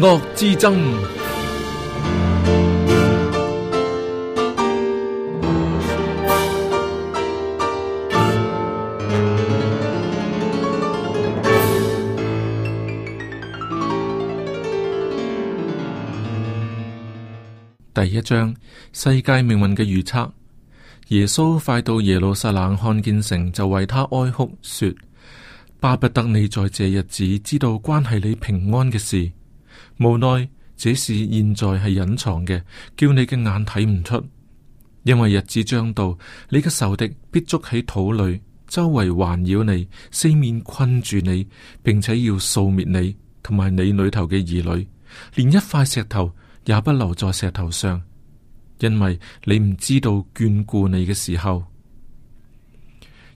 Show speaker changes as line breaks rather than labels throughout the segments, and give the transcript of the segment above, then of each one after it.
惡之爭。第一章：世界命運嘅預測。耶穌快到耶路撒冷看見城，就為他哀哭，說：巴不得你在這日子知道關係你平安嘅事。無奈，這事現在係隱藏嘅，叫你嘅眼睇唔出。因為日子將到，你嘅仇敵必捉喺土裏，周圍環繞你，四面困住你，並且要掃滅你，同埋你裏頭嘅兒女，連一塊石頭也不留在石頭上，因為你唔知道眷顧你嘅時候。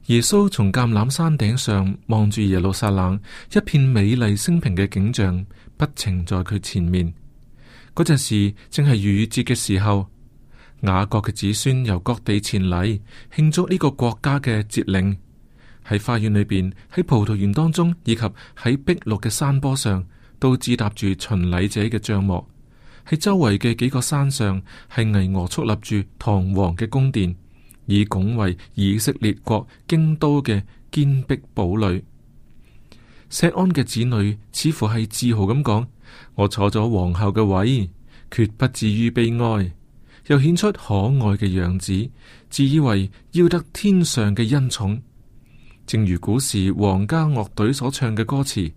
耶穌從橄欖山頂上望住耶路撒冷，一片美麗升平嘅景象。不情在佢前面，嗰陣時正係逾越節嘅時候，雅各嘅子孫由各地前禮慶祝呢個國家嘅節令。喺花園裏邊，喺葡萄園當中，以及喺碧綠嘅山坡上，都自搭住巡禮者嘅帳幕。喺周圍嘅幾個山上，係巍峨矗立住堂皇嘅宮殿，以拱衛以色列國京都嘅堅壁堡壘。錫安嘅子女似乎係自豪咁講：我坐咗皇后嘅位，絕不至於悲哀，又顯出可愛嘅樣子，自以為要得天上嘅恩寵。正如古時皇家樂隊所唱嘅歌詞：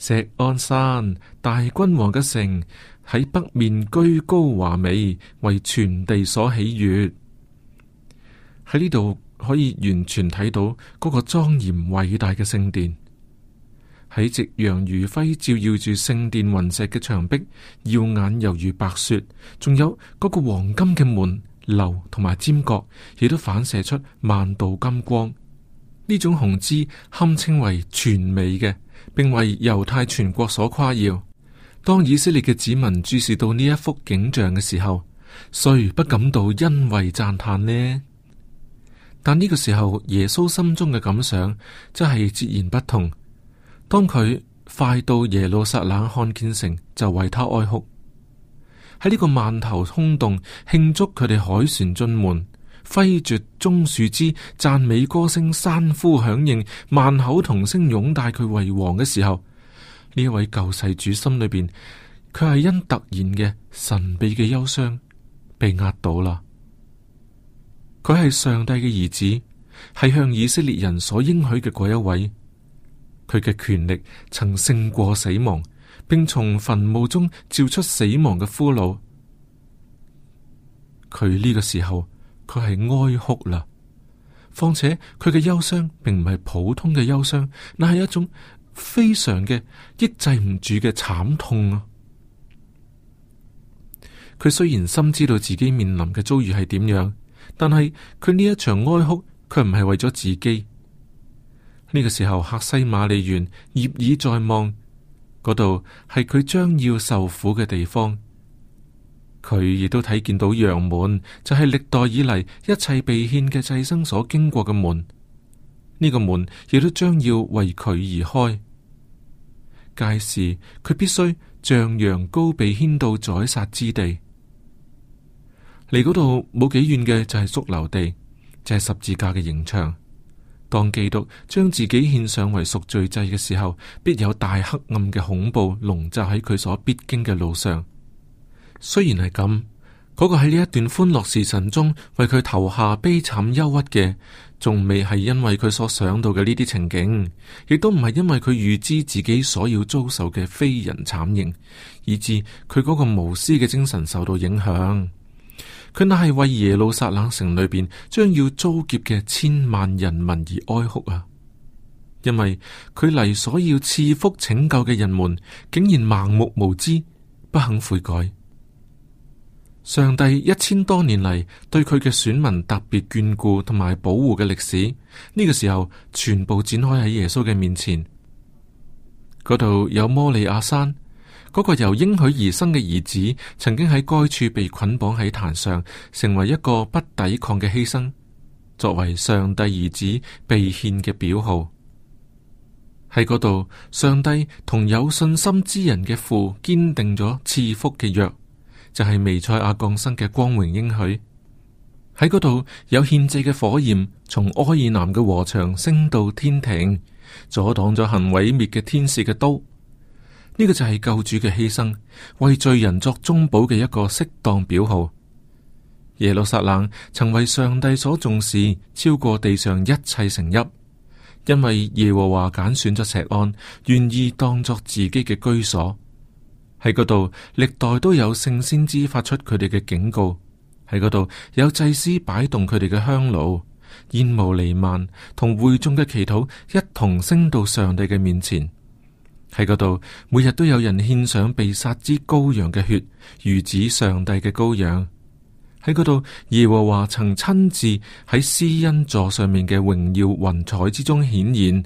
錫安山大君王嘅城喺北面居高華美，為全地所喜悅。喺呢度可以完全睇到嗰個莊嚴偉大嘅聖殿。喺夕陽餘暉照耀住聖殿雲石嘅牆壁，耀眼猶如白雪；仲有嗰個黃金嘅門、樓同埋尖角，亦都反射出萬道金光。呢種雄姿堪稱為全美嘅，並為猶太全國所誇耀。當以色列嘅子民注視到呢一幅景象嘅時候，誰不感到欣慰讚嘆呢？但呢個時候，耶穌心中嘅感想真係截然不同。當佢快到耶路撒冷，看見城，就為他哀哭。喺呢個萬頭空洞慶祝佢哋海船進門，揮著棕樹枝讚美歌聲山呼響應，萬口同聲擁戴佢為王嘅時候，呢位救世主心裏邊，佢係因突然嘅神秘嘅憂傷被壓倒啦。佢係上帝嘅兒子，係向以色列人所應許嘅嗰一位。佢嘅權力曾勝過死亡，並從墳墓中召出死亡嘅俘虜。佢呢個時候，佢係哀哭啦。況且佢嘅憂傷並唔係普通嘅憂傷，乃係一種非常嘅抑制唔住嘅慘痛啊！佢雖然深知道自己面臨嘅遭遇係點樣，但係佢呢一場哀哭，佢唔係為咗自己。呢個時候，客西馬尼園業已在望，嗰度係佢將要受苦嘅地方。佢亦都睇見到羊門，就係歷代以嚟一切被牽嘅祭牲所經過嘅門。呢、這個門亦都將要為佢而開，屆時佢必須像羊羔被牽到宰殺之地。離嗰度冇幾遠嘅就係髑髏地，就係、是、十字架嘅刑場。當基督將自己獻上為贖罪祭嘅時候，必有大黑暗嘅恐怖籠罩喺佢所必經嘅路上。雖然係咁，嗰個喺呢一段歡樂時辰中為佢投下悲慘憂鬱嘅，仲未係因為佢所想到嘅呢啲情景，亦都唔係因為佢預知自己所要遭受嘅非人慘刑，以致佢嗰個無私嘅精神受到影響。佢乃係為耶路撒冷城裏邊將要遭劫嘅千萬人民而哀哭啊！因為佢嚟所要賜福拯救嘅人們，竟然盲目無知，不肯悔改。上帝一千多年嚟對佢嘅選民特別眷顧同埋保護嘅歷史，呢個時候全部展開喺耶穌嘅面前。嗰度有摩利亞山。嗰個由應許而生嘅兒子，曾經喺該處被捆綁喺壇上，成為一個不抵抗嘅犧牲，作為上帝兒子被獻嘅表號。喺嗰度，上帝同有信心之人嘅父堅定咗賜福嘅約，就係、是、彌賽亞降生嘅光榮應許。喺嗰度，有獻祭嘅火焰從俄珥南嘅禾場升到天庭，阻擋咗行毀滅嘅天使嘅刀。呢個就係救主嘅犧牲，為罪人作中保嘅一個適當表號。耶路撒冷曾為上帝所重視，超過地上一切城邑，因為耶和華揀選咗錫安，願意當作自己嘅居所。喺嗰度，歷代都有聖先知發出佢哋嘅警告；喺嗰度，有祭司擺動佢哋嘅香爐，煙霧彌漫，同會眾嘅祈禱一同升到上帝嘅面前。喺嗰度，每日都有人獻上被殺之羔羊嘅血，如指上帝嘅羔羊。喺嗰度，耶和華曾親自喺施恩座上面嘅榮耀雲彩之中顯現。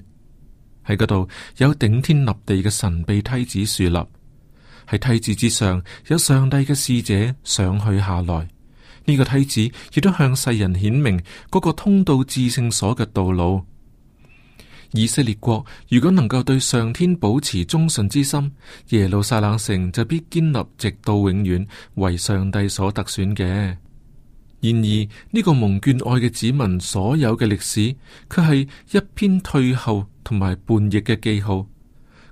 喺嗰度，有頂天立地嘅神秘梯，梯子豎立。喺梯子之上，有上帝嘅使者上去下來。呢、這個梯子亦都向世人顯明嗰個通到至聖所嘅道路。以色列國如果能夠對上天保持忠信之心，耶路撒冷城就必堅立直到永遠，為上帝所特選嘅。然而呢個蒙眷愛嘅子民，所有嘅歷史，佢係一篇退後同埋叛逆嘅記號。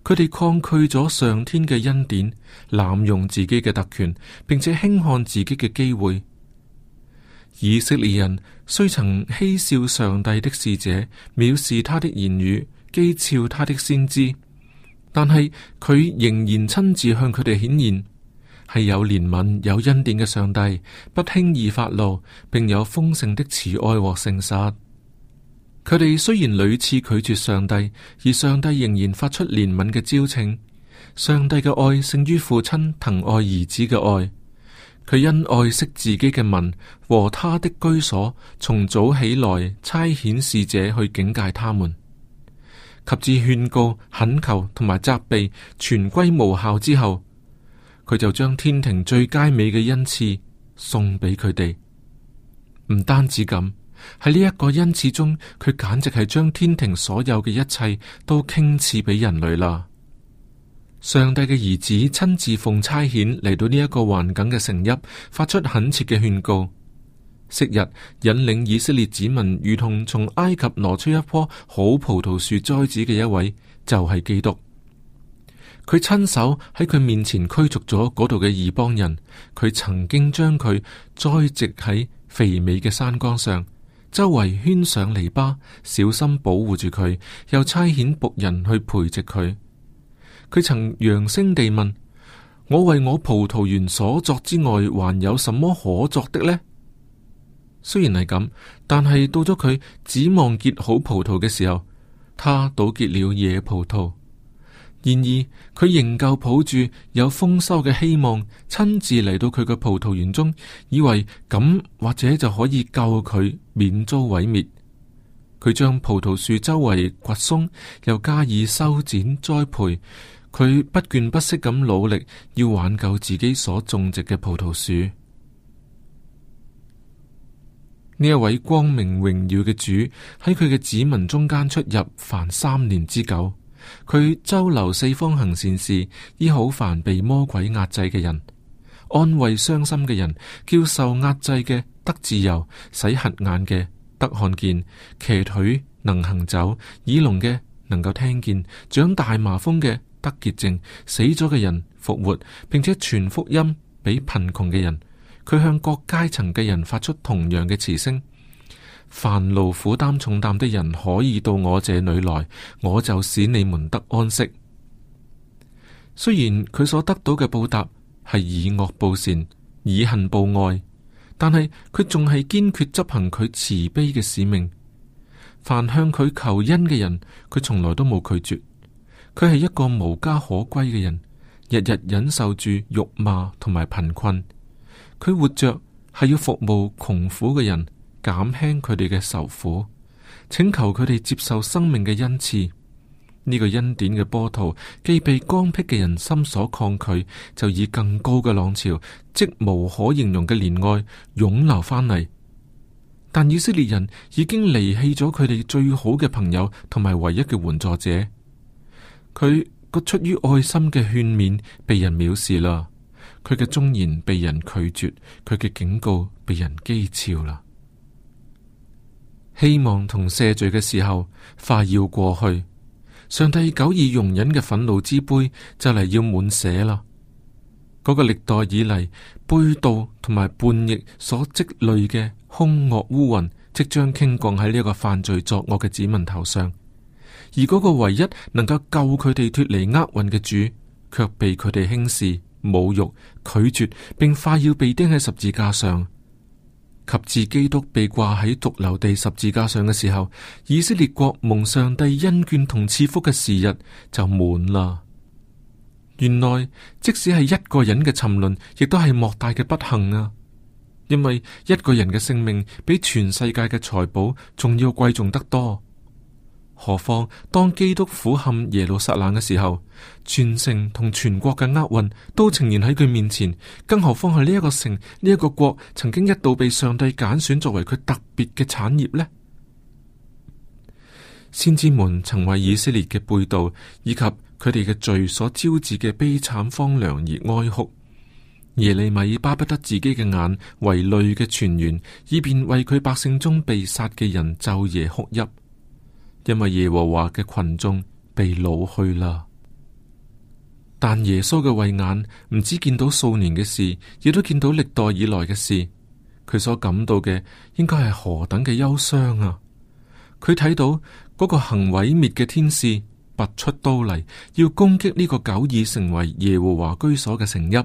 佢哋抗拒咗上天嘅恩典，濫用自己嘅特權，並且輕看自己嘅機會。以色列人雖曾嬉笑上帝的使者，藐視他的言語，譏誚他的先知，但係佢仍然親自向佢哋顯現，係有憐憫有恩典嘅上帝，不輕易發怒，並有豐盛的慈愛和誠實。佢哋雖然屢次拒絕上帝，而上帝仍然發出憐憫嘅招請。上帝嘅愛勝於父親疼愛兒子嘅愛。佢因愛惜自己嘅民和他的居所，從早起來差遣使者去警戒他們，及至勸告、懇求同埋責備，全歸無效之後，佢就將天庭最佳美嘅恩賜送俾佢哋。唔單止咁，喺呢一個恩賜中，佢簡直係將天庭所有嘅一切都傾賜俾人類啦。上帝嘅兒子親自奉差遣嚟到呢一個環境嘅城邑，發出懇切嘅勸告。昔日引領以色列子民，如同從埃及挪出一棵好葡萄樹栽，栽子嘅一位，就係、是、基督。佢親手喺佢面前驅逐咗嗰度嘅異邦人。佢曾經將佢栽植喺肥美嘅山崗上，周圍圈上籬笆，小心保護住佢，又差遣僕人去培植佢。佢曾揚聲地問我：為我葡萄園所作之外，還有什麼可作的呢？雖然係咁，但係到咗佢指望結好葡萄嘅時候，他倒結了野葡萄。然而，佢仍舊抱住有豐收嘅希望，親自嚟到佢嘅葡萄園中，以為咁或者就可以救佢免遭毀滅。佢將葡萄樹周圍掘鬆，又加以修剪栽培。佢不倦不息咁努力，要挽救自己所種植嘅葡萄樹。呢一位光明榮耀嘅主喺佢嘅子民中間出入，凡三年之久。佢周流四方行善事，醫好凡被魔鬼壓制嘅人，安慰傷心嘅人，叫受壓制嘅得自由，使瞎眼嘅得看見，騎腿能行走，耳聾嘅能夠聽見，長大麻風嘅得潔淨，死咗嘅人復活，並且傳福音俾貧窮嘅人。佢向各階層嘅人發出同樣嘅慈聲：凡勞苦擔重擔的人可以到我這裏來，我就使你們得安息。雖然佢所得到嘅報答係以惡報善，以恨報愛，但係佢仲係堅決執行佢慈悲嘅使命。凡向佢求恩嘅人，佢從來都冇拒絕。佢係一個無家可歸嘅人，日日忍受住辱罵同埋貧困。佢活着係要服務窮苦嘅人，減輕佢哋嘅受苦，請求佢哋接受生命嘅恩賜。呢個恩典嘅波濤，既被光僻嘅人心所抗拒，就以更高嘅浪潮，即無可形容嘅憐愛湧流翻嚟。但以色列人已經離棄咗佢哋最好嘅朋友同埋唯一嘅援助者。佢個出於愛心嘅勸勉被人藐視啦，佢嘅忠言被人拒絕，佢嘅警告被人譏笑啦。希望同赦罪嘅時候快要過去，上帝久已容忍嘅憤怒之杯就嚟要滿瀉啦。嗰、那個歷代以嚟背道同埋叛逆所積累嘅凶惡烏雲，即將傾降喺呢一個犯罪作惡嘅子民頭上。而嗰個唯一能夠救佢哋脫離厄運嘅主，卻被佢哋輕視、侮辱、拒絕，並快要被釘喺十字架上。及至基督被掛喺髑髏地十字架上嘅時候，以色列國蒙上帝恩眷同賜福嘅時日就滿啦。原來即使係一個人嘅沉淪，亦都係莫大嘅不幸啊！因為一個人嘅性命比全世界嘅財寶仲要貴重得多。何況當基督俯瞰耶路撒冷嘅時候，全城同全國嘅厄運都呈現喺佢面前。更何況係呢一個城、呢、這、一個國，曾經一度被上帝揀選作為佢特別嘅產業呢？先知們曾為以色列嘅背道以及佢哋嘅罪所招致嘅悲慘荒涼而哀哭，耶利米巴不得自己嘅眼為淚嘅泉源，以便為佢百姓中被殺嘅人晝夜哭泣。因為耶和華嘅群眾被擄去啦，但耶穌嘅慧眼唔止見到數年嘅事，亦都見到歷代以來嘅事。佢所感到嘅應該係何等嘅憂傷啊！佢睇到嗰、那個行毀滅嘅天使拔出刀嚟，要攻擊呢個久已成為耶和華居所嘅城邑，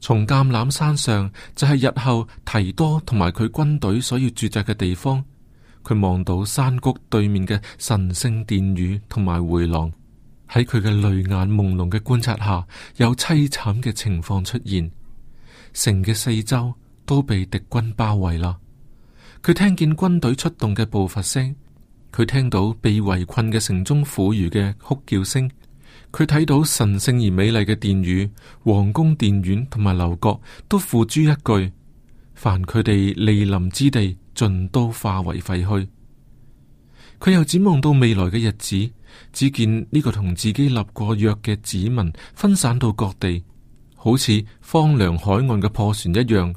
從橄欖山上就係、是、日後提多同埋佢軍隊所要駐紮嘅地方。佢望到山谷對面嘅神聖殿宇同埋回廊，喺佢嘅淚眼朦朧嘅觀察下，有淒慘嘅情況出現。城嘅四周都被敵軍包圍啦。佢聽見軍隊出動嘅步伐聲，佢聽到被圍困嘅城中苦如嘅哭叫聲，佢睇到神聖而美麗嘅殿宇、皇宮、殿院同埋樓閣都付諸一炬：「凡佢哋蒞臨之地。盡都化為廢墟，佢又展望到未來嘅日子，只見呢個同自己立過約嘅子民分散到各地，好似荒涼海岸嘅破船一樣。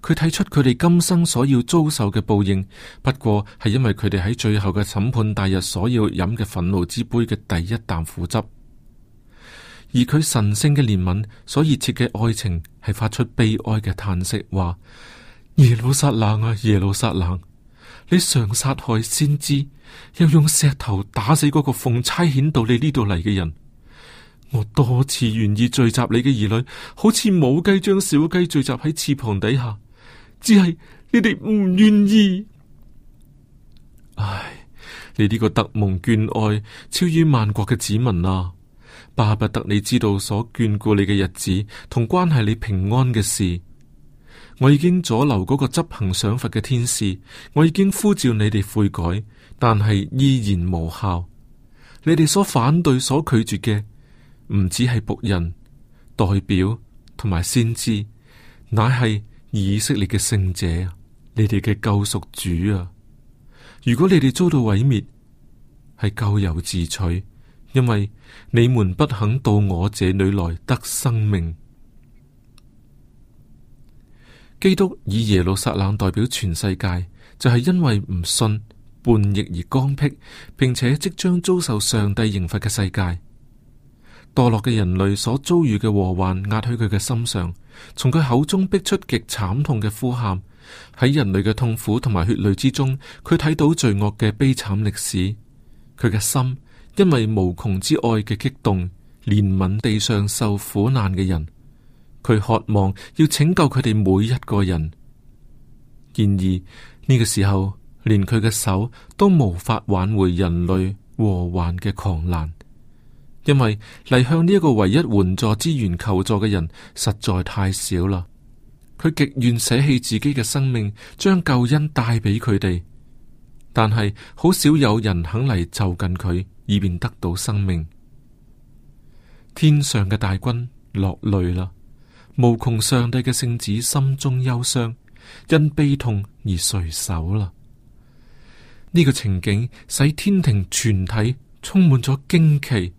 佢睇出佢哋今生所要遭受嘅報應，不過係因為佢哋喺最後嘅審判大日所要飲嘅憤怒之杯嘅第一啖苦汁。而佢神聖嘅憐憫，所熱切嘅愛情，係發出悲哀嘅嘆息，話。耶路撒冷啊，耶路撒冷！你常殺害先知，又用石頭打死嗰個奉差遣到你呢度嚟嘅人。我多次願意聚集你嘅兒女，好似母雞將小雞聚集喺翅膀底下，只係你哋唔願意。唉，你呢個特蒙眷愛，超於萬國嘅子民啊！巴不得你知道所眷顧你嘅日子，同關係你平安嘅事。我已經阻留嗰個執行賞罰嘅天使，我已經呼召你哋悔改，但係依然無效。你哋所反對、所拒絕嘅，唔止係僕人、代表同埋先知，乃係以色列嘅聖者，你哋嘅救贖主啊！如果你哋遭到毀滅，係咎由自取，因為你們不肯到我這裏來得生命。基督以耶路撒冷代表全世界，就係、是、因為唔信叛逆而剛愎，並且即將遭受上帝刑罰嘅世界。墮落嘅人類所遭遇嘅禍患壓喺佢嘅心上，從佢口中逼出極慘痛嘅呼喊。喺人類嘅痛苦同埋血淚之中，佢睇到罪惡嘅悲慘歷史。佢嘅心因為無窮之愛嘅激動，憐憫地上受苦難嘅人。佢渴望要拯救佢哋每一個人，然而呢個時候連佢嘅手都無法挽回人類禍患嘅狂瀾，因為嚟向呢一個唯一援助資源求助嘅人實在太少啦。佢極願捨棄自己嘅生命，將救恩帶俾佢哋，但係好少有人肯嚟就近佢，以便得到生命。天上嘅大軍落淚啦。無窮上帝嘅聖子心中憂傷，因悲痛而垂首啦。呢個情景使天庭全體充滿咗驚奇。呢、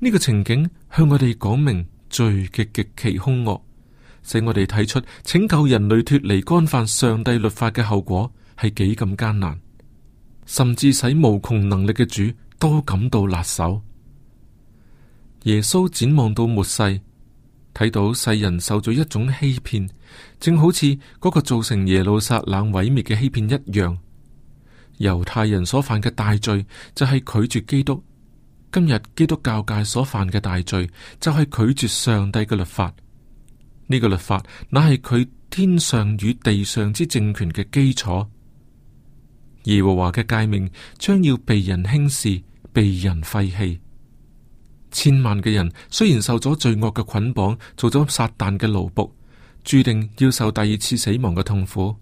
呢個情景向我哋講明罪嘅極其兇惡，使我哋睇出拯救人類脫離干犯上帝律法嘅後果係幾咁艱難，甚至使無窮能力嘅主都感到辣手。耶穌展望到末世。睇到世人受咗一種欺騙，正好似嗰個造成耶路撒冷毀滅嘅欺騙一樣。猶太人所犯嘅大罪就係拒絕基督，今日基督教界所犯嘅大罪就係拒絕上帝嘅律法。呢個律法乃係佢天上與地上之政權嘅基礎。耶和華嘅誡命將要被人輕視，被人廢棄。千萬嘅人雖然受咗罪惡嘅捆綁，做咗撒旦嘅奴僕，注定要受第二次死亡嘅痛苦。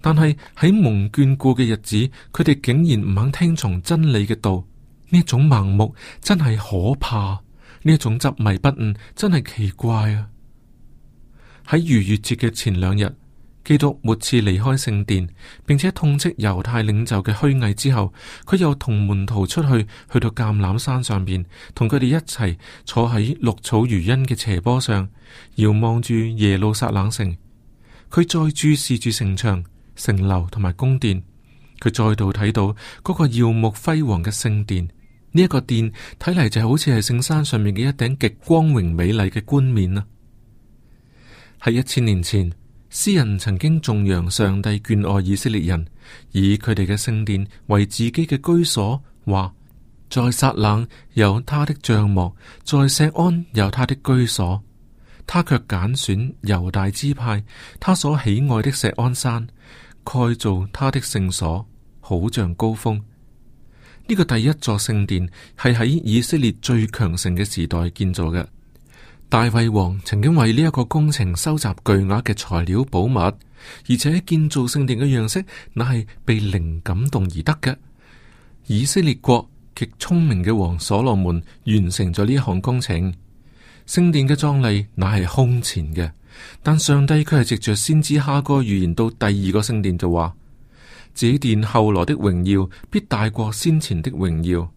但係喺蒙眷顧嘅日子，佢哋竟然唔肯聽從真理嘅道，呢種盲目真係可怕，呢種執迷不悟真係奇怪啊！喺逾越節嘅前兩日。基督末次離開聖殿，並且痛斥猶太領袖嘅虛偽之後，佢又同門徒出去，去到橄欖山上邊，同佢哋一齊坐喺綠草如茵嘅斜坡上，遙望住耶路撒冷城。佢再注視住城牆、城樓同埋宮殿，佢再度睇到嗰個耀目輝煌嘅聖殿。呢、這、一個殿睇嚟，就好似係聖山上面嘅一頂極光榮美麗嘅冠冕啊！喺一千年前。詩人曾經頌揚上帝眷愛以色列人，以佢哋嘅聖殿為自己嘅居所，話，在撒冷有他的帳幕，在錫安有他的居所。他卻揀選猶大支派，他所喜愛的錫安山，蓋造他的聖所，好像高峰。呢個第一座聖殿係喺以色列最強盛嘅時代建造嘅。大衛王曾經為呢一個工程收集巨額嘅材料寶物，而且建造聖殿嘅樣式，乃係被靈感動而得嘅。以色列國極聰明嘅王所羅門完成咗呢一項工程，聖殿嘅壯麗乃係空前嘅。但上帝佢係藉着先知哈哥預言到第二個聖殿就話，這殿後來的榮耀必大過先前的榮耀，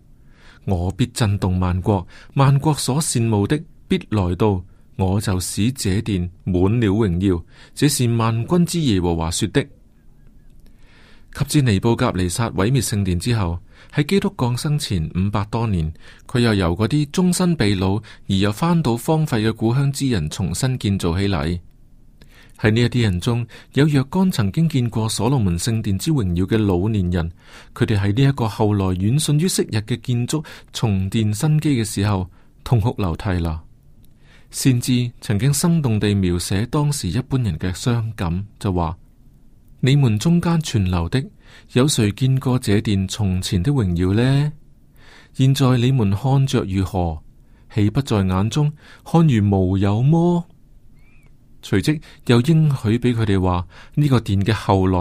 我必震動萬國，萬國所羨慕的。必來到，我就使這殿滿了榮耀。這是萬軍之耶和華說的。及至尼布甲尼撒毀滅聖殿之後，喺基督降生前五百多年，佢又由嗰啲終身被擄而又翻到荒廢嘅故鄉之人，重新建造起嚟。喺呢一啲人中，有若干曾經見過所羅門聖殿之榮耀嘅老年人，佢哋喺呢一個後來遠遜於昔日嘅建築重奠新基嘅時候，痛哭流涕啦。先知曾經生動地描寫當時一般人嘅傷感，就話：你們中間存留的，有誰見過這殿從前的榮耀呢？現在你們看着如何，豈不在眼中看如無有麼？隨即又應許俾佢哋話：呢個殿嘅後來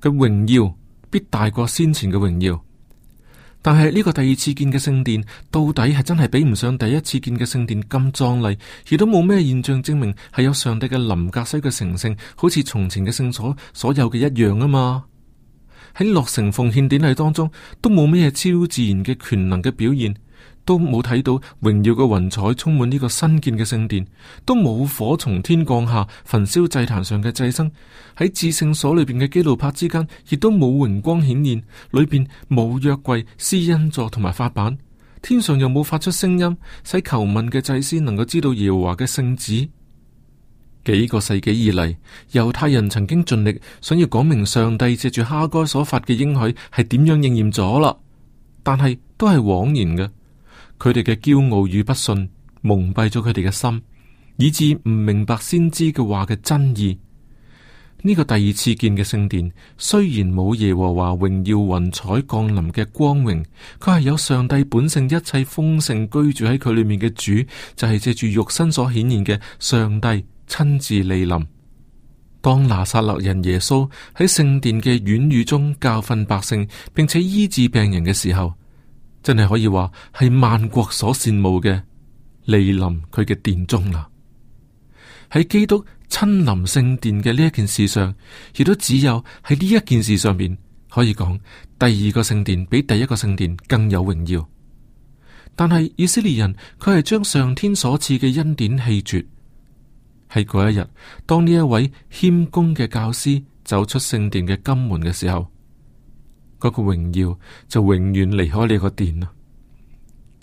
嘅榮耀，必大過先前嘅榮耀。但係呢個第二次見嘅聖殿，到底係真係比唔上第一次見嘅聖殿咁壯麗，亦都冇咩現象證明係有上帝嘅林格西嘅成聖，好似從前嘅聖所所有嘅一樣啊嘛！喺落成奉獻典禮當中，都冇咩超自然嘅權能嘅表現。都冇睇到榮耀嘅雲彩充滿呢個新建嘅聖殿，都冇火從天降下焚燒祭壇上嘅祭牲，喺至聖所裏邊嘅基路伯之間，亦都冇榮光顯現，裏邊冇約櫃、施恩座同埋法版，天上又冇發出聲音，使求問嘅祭司能夠知道耶和華嘅聖旨。幾個世紀以嚟，猶太人曾經盡力想要講明上帝借住哈該所發嘅應許係點樣應驗咗啦，但係都係枉然嘅。佢哋嘅驕傲與不信蒙蔽咗佢哋嘅心，以致唔明白先知嘅話嘅真意。呢個第二次建嘅聖殿，雖然冇耶和華榮耀雲彩降臨嘅光榮，佢係有上帝本性一切豐盛居住喺佢裏面嘅主，就係借住肉身所顯現嘅上帝親自蒞臨。當拿撒勒人耶穌喺聖殿嘅院宇中教訓百姓，並且醫治病人嘅時候。真係可以話係萬國所羨慕嘅，嚟臨佢嘅殿中啦。喺基督親臨聖殿嘅呢一件事上，亦都只有喺呢一件事上邊可以講，第二個聖殿比第一個聖殿更有榮耀。但係以色列人佢係將上天所賜嘅恩典棄絕。喺嗰一日，當呢一位謙恭嘅教師走出聖殿嘅金門嘅時候。嗰個榮耀就永遠離開呢個殿啦。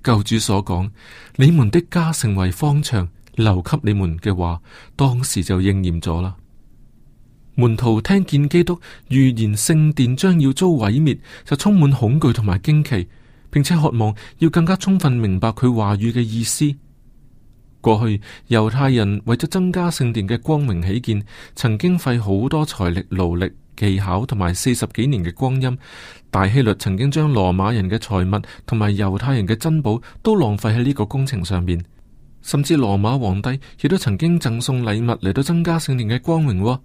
舊主所講，你們的家成為荒場，留給你們嘅話，當時就應驗咗啦。門徒聽見基督預言聖殿將要遭毀滅，就充滿恐懼同埋驚奇，並且渴望要更加充分明白佢話語嘅意思。過去猶太人為咗增加聖殿嘅光明起見，曾經費好多財力勞力，技巧同埋四十幾年嘅光陰，大希律曾經將羅馬人嘅財物同埋猶太人嘅珍寶都浪費喺呢個工程上面，甚至羅馬皇帝亦都曾經贈送禮物嚟，到增加聖殿嘅光榮。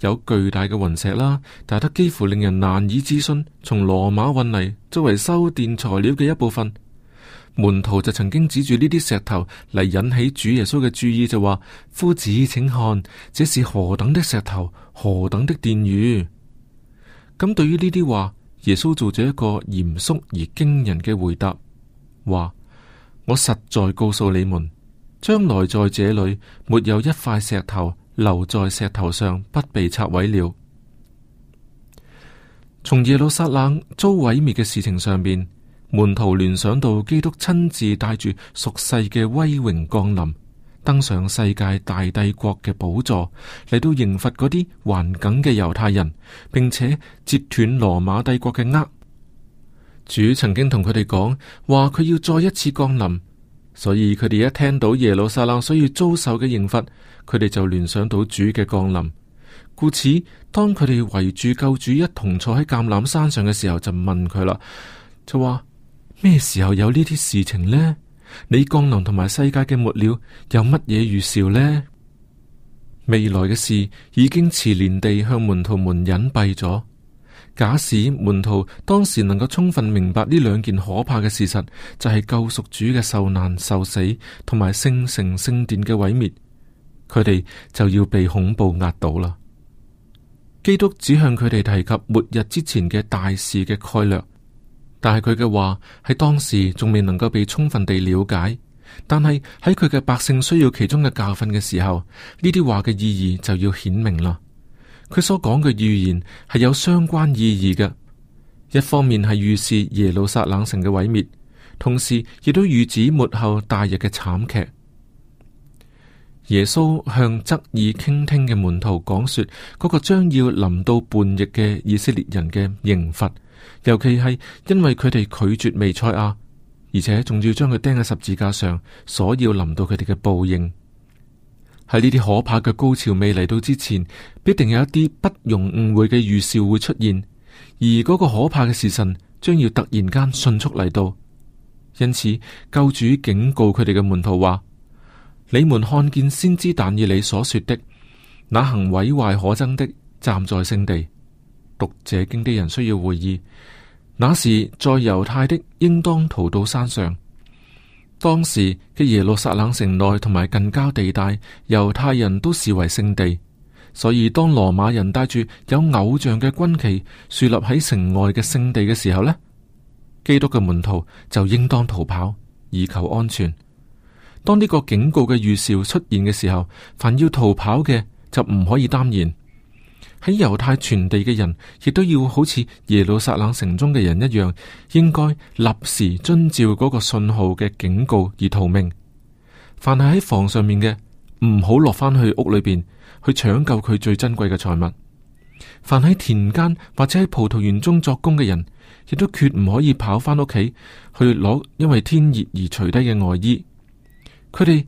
有巨大嘅雲石啦，但大得幾乎令人難以置信，從羅馬運嚟作為修殿材料嘅一部分。門徒就曾經指住呢啲石頭嚟引起主耶穌嘅注意，就話：「夫子，請看，這是何等的石頭，何等的殿宇！咁對於呢啲話，耶穌做咗一個嚴肅而驚人嘅回答，話：我實在告訴你們，將來在這裏，沒有一塊石頭留在石頭上不被拆毀了。從耶路撒冷遭毀滅嘅事情上面，門徒聯想到基督親自帶住屬世嘅威榮降臨。登上世界大帝國嘅寶座，嚟到刑罰嗰啲頑梗嘅猶太人，並且截斷羅馬帝國嘅軛。主曾經同佢哋講話，佢要再一次降臨，所以佢哋一聽到耶路撒冷所以遭受嘅刑罰，佢哋就聯想到主嘅降臨。故此，當佢哋圍住救主一同坐喺橄欖山上嘅時候，就問佢啦，就話咩時候有呢啲事情呢？你降臨同埋世界嘅末了有乜嘢預兆呢？未來嘅事已經慈憐地向門徒們隱蔽咗。假使門徒當時能夠充分明白呢兩件可怕嘅事實，就係、是、救贖主嘅受難、受死同埋聖城聖殿嘅毀滅，佢哋就要被恐怖壓倒啦。基督只向佢哋提及末日之前嘅大事嘅概略。但係佢嘅話喺當時仲未能夠被充分地了解，但係喺佢嘅百姓需要其中嘅教訓嘅時候，呢啲話嘅意義就要顯明啦。佢所講嘅預言係有相關意義嘅，一方面係預示耶路撒冷城嘅毀滅，同時亦都預指末後大日嘅慘劇。耶穌向側耳傾聽嘅門徒講說，說，嗰個將要臨到叛逆嘅以色列人嘅刑罰。尤其係因為佢哋拒絕彌賽亞，而且仲要將佢釘喺十字架上，所要臨到佢哋嘅報應。喺呢啲可怕嘅高潮未嚟到之前，必定有一啲不容誤會嘅預兆會出現，而嗰個可怕嘅時辰將要突然間迅速嚟到。因此，救主警告佢哋嘅門徒話：你們看見先知但以理所說的，那行毀壞可憎的站在聖地。讀這經的人需要會意。那時在猶太的，應當逃到山上。當時嘅耶路撒冷城內同埋近郊地帶，猶太人都視為聖地。所以當羅馬人帶住有偶像嘅軍旗豎立喺城外嘅聖地嘅時候呢，基督嘅門徒就應當逃跑，以求安全。當呢個警告嘅預兆出現嘅時候，凡要逃跑嘅就唔可以耽延。喺猶太全地嘅人，亦都要好似耶路撒冷城中嘅人一樣，應該立時遵照嗰個信號嘅警告而逃命。凡係喺房上面嘅，唔好落翻去屋裏邊去搶救佢最珍貴嘅財物。凡喺田間或者喺葡萄園中作工嘅人，亦都決唔可以跑翻屋企去攞因為天熱而除低嘅外衣。佢哋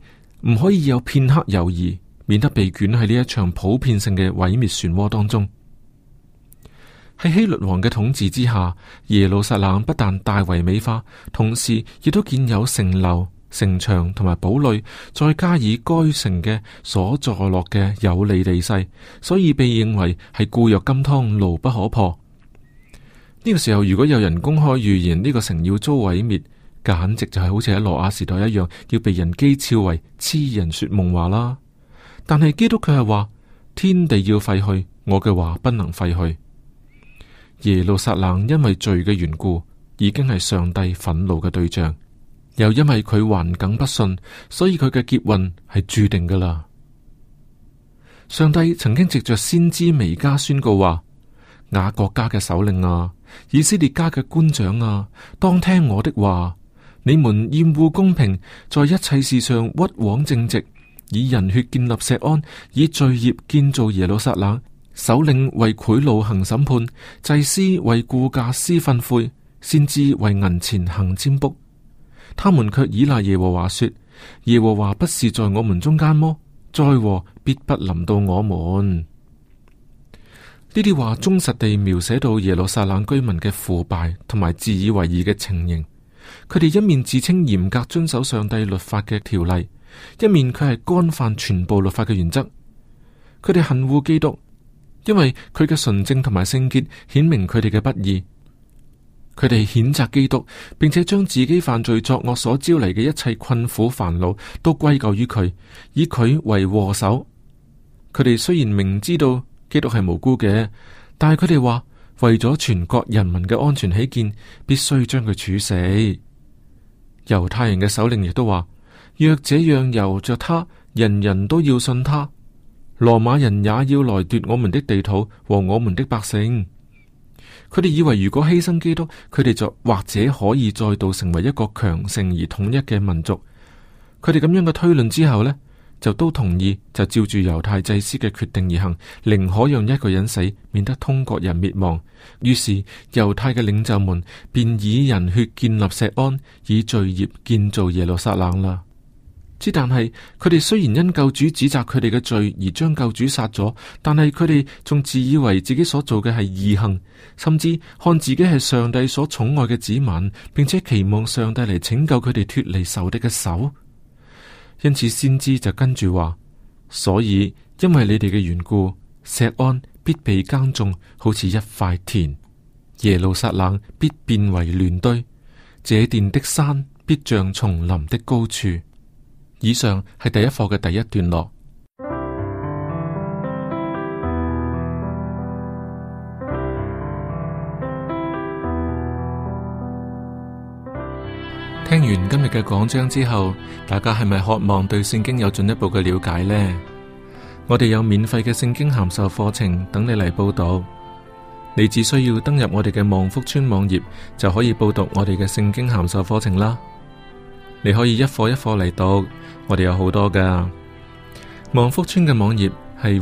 唔可以有片刻猶豫。免得被捲喺呢一場普遍性嘅毀滅漩渦當中。喺希律王嘅統治之下，耶路撒冷不但大為美化，同時亦都建有城樓、城牆同埋堡壘，再加以該城嘅所坐落嘅有利地勢，所以被認為係固若金湯，牢不可破。呢、這個時候，如果有人公開預言呢個城要遭毀滅，簡直就係好似喺挪亞時代一樣，要被人譏誚為痴人說夢話啦。但係基督佢係話天地要廢去，我嘅話不能廢去。耶路撒冷因為罪嘅緣故，已經係上帝憤怒嘅對象，又因為佢頑梗不信，所以佢嘅劫運係注定噶啦。上帝曾經藉着先知彌迦宣告話：雅國家嘅首領啊，以色列家嘅官長啊，當聽我的話，你們厭惡公平，在一切事上屈枉正直。以人血建立錫安，以罪孽建造耶路撒冷。首領為賄賂行審判，祭司為顧價施訓誨，先知為銀錢行占卜。他們卻倚賴耶和華說：耶和華不是在我們中間麼？災禍必不臨到我們。呢啲話忠實地描寫到耶路撒冷居民嘅腐敗同埋自以為義嘅情形。佢哋一面自稱嚴格遵守上帝律法嘅條例。一面佢係干犯全部律法嘅原則，佢哋恨惡基督，因為佢嘅純正同埋聖潔顯明佢哋嘅不義。佢哋譴責基督，並且將自己犯罪作惡所招嚟嘅一切困苦煩惱都歸咎於佢，以佢為禍首。佢哋雖然明知道基督係無辜嘅，但係佢哋話：「為咗全國人民嘅安全起見，必須將佢處死。」猶太人嘅首領亦都話：若這樣由着他，人人都要信他，羅馬人也要來奪我們的地土和我們的百姓。佢哋以為如果犧牲基督，佢哋就或者可以再度成為一個強盛而統一嘅民族。佢哋咁樣嘅推論之後呢，就都同意就照住猶太祭司嘅決定而行，寧可用一個人死，免得通國人滅亡。於是猶太嘅領袖們便以人血建立錫安，以罪孽建造耶路撒冷啦。之，但係佢哋雖然因救主指責佢哋嘅罪而將救主殺咗，但係佢哋仲自以為自己所做嘅係義行，甚至看自己係上帝所寵愛嘅子民，並且期望上帝嚟拯救佢哋脫離仇敵嘅手。因此，先知就跟住話：「所以因為你哋嘅緣故，錫安必被耕種，好似一塊田；耶路撒冷必變為亂堆，這殿的山必像叢林的高處。以上係第一課嘅第一段落。聽完今日嘅講章之後，大家係咪渴望對聖經有進一步嘅了解呢？我哋有免費嘅聖經函授課程等你嚟報讀。你只需要登入我哋嘅望福村網頁，就可以報讀我哋嘅聖經函授課程啦。你可以一課一課嚟讀，我哋有好多噶。望福村嘅網頁係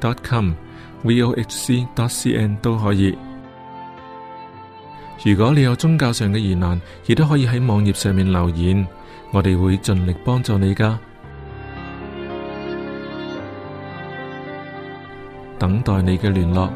vohc.com，vohc.cn 都可以。如果你有宗教上嘅疑難，亦都可以喺網頁上面留言，我哋會盡力幫助你噶。等待你嘅聯絡。